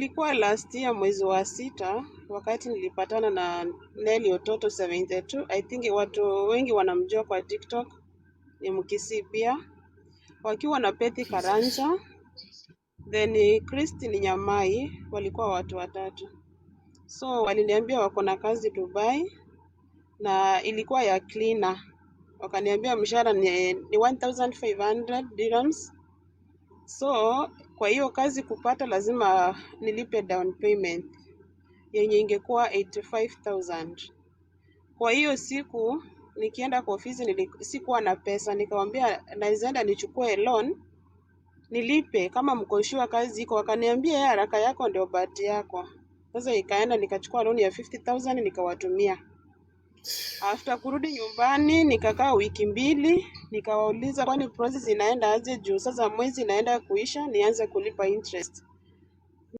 Ilikuwa last year mwezi wa sita wakati nilipatana na Nelly Ototo 72. I think watu wengi wanamjua kwa TikTok, ni Mkisii pia, wakiwa na Pethi Karanja then Christine Nyamai, walikuwa watu watatu. So waliniambia wako na kazi Dubai na ilikuwa ya cleaner, wakaniambia mshahara ni, ni 1500 dirhams So kwa hiyo kazi kupata, lazima nilipe down payment yenye ingekuwa 85000 kwa hiyo siku nikienda kwa ofisi sikuwa na pesa, nikamwambia nawezaenda nichukue loan nilipe kama mkoshiwa kazi iko, akaniambia ya eh, haraka yako ndio bahati yako. Sasa ikaenda nikachukua loan ya 50000 nikawatumia. After kurudi nyumbani nikakaa wiki mbili, Nikawauliza kwani process inaenda aje juu sasa mwezi inaenda kuisha nianze kulipa interest